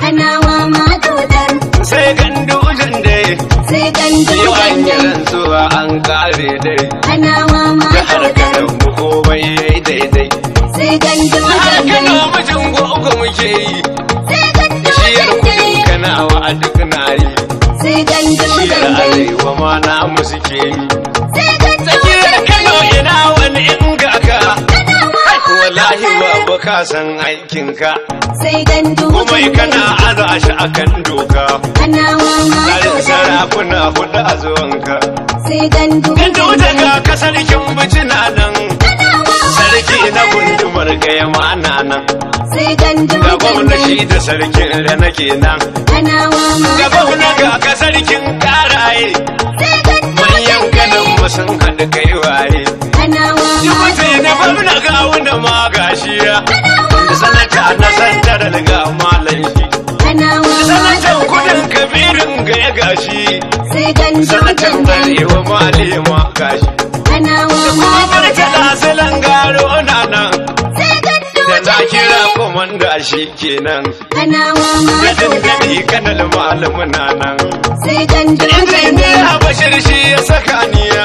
Kanawa ma dodar. Sai gandu dai. Sai gandu dai. Yawan zuwa an kare dai. Kanawa ma dodar. Jihar Kano mu komai yayi daidai. Sai gandu dai. Jihar Kano mijin gogo muke yi. Sai gandu dai. Shiyar kudin Kanawa a duk na yi. Sai gandu dai. Shiyar Arewa ma na mu ke yi. Sai gandu dai. Tsakiyar Kano ina wani inga ka san aikinka sai dan duka kuma kana a shi akan doka ana wama sara kuna hudu a zuwanka sai dan duka dan duka ga kasar kin na nan sarki na gundumar gaya mana nan Sai ga gwamnati da sarki da nake nan ana kenan ga gwamnati ga kin karaye manyan kanan sun haɗu kai na santar ga malan shi sanatan kudin kabirin ga ya gashi sanatan arewa malema gashi kuma barka da asalin garo na nan da na kira komanda shi kenan ya dangane kanal malamu na nan Sai inda ne a bashir shi ya saka niya